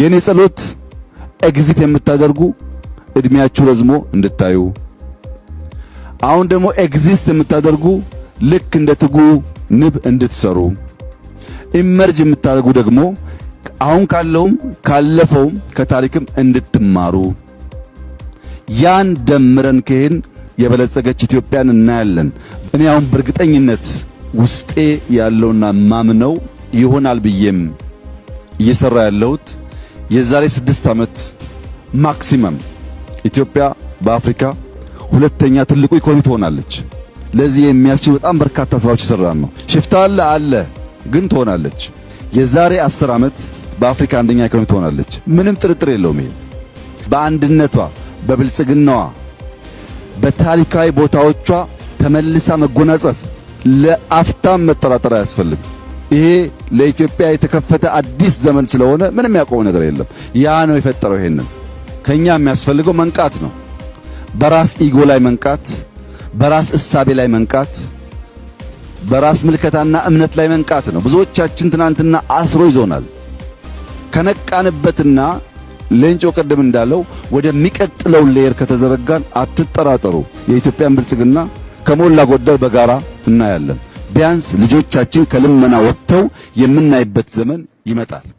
የኔ ጸሎት ኤግዚት የምታደርጉ እድሜያችሁ ረዝሞ እንድታዩ አሁን ደግሞ ኤግዚስት የምታደርጉ ልክ እንደ ትጉ ንብ እንድትሰሩ ኢመርጅ የምታደርጉ ደግሞ አሁን ካለውም ካለፈውም ከታሪክም እንድትማሩ ያን ደምረን ከሄን የበለጸገች ኢትዮጵያን እናያለን። እኔ አሁን በእርግጠኝነት ውስጤ ያለውና ማምነው ይሆናል ብዬም እየሰራ ያለሁት የዛሬ ስድስት ዓመት ማክሲመም ኢትዮጵያ በአፍሪካ ሁለተኛ ትልቁ ኢኮኖሚ ትሆናለች። ለዚህ የሚያስችል በጣም በርካታ ስራዎች ይሰራን ነው። ሽፍታ አለ አለ፣ ግን ትሆናለች። የዛሬ አስር ዓመት በአፍሪካ አንደኛ ኢኮኖሚ ትሆናለች። ምንም ጥርጥር የለውም። ይሄ በአንድነቷ፣ በብልጽግናዋ፣ በታሪካዊ ቦታዎቿ ተመልሳ መጎናጸፍ ለአፍታም መጠራጠር አያስፈልግም። ይሄ ለኢትዮጵያ የተከፈተ አዲስ ዘመን ስለሆነ ምንም ያቆመው ነገር የለም። ያ ነው የፈጠረው። ይሄንን ከኛ የሚያስፈልገው መንቃት ነው። በራስ ኢጎ ላይ መንቃት፣ በራስ እሳቤ ላይ መንቃት፣ በራስ ምልከታና እምነት ላይ መንቃት ነው። ብዙዎቻችን ትናንትና አስሮ ይዞናል። ከነቃንበትና ሌንጮ ቀደም እንዳለው ወደሚቀጥለው ሌየር ከተዘረጋን አትጠራጠሩ፣ የኢትዮጵያን ብልጽግና ከሞላ ጎደል በጋራ እናያለን። ቢያንስ ልጆቻችን ከልመና ወጥተው የምናይበት ዘመን ይመጣል።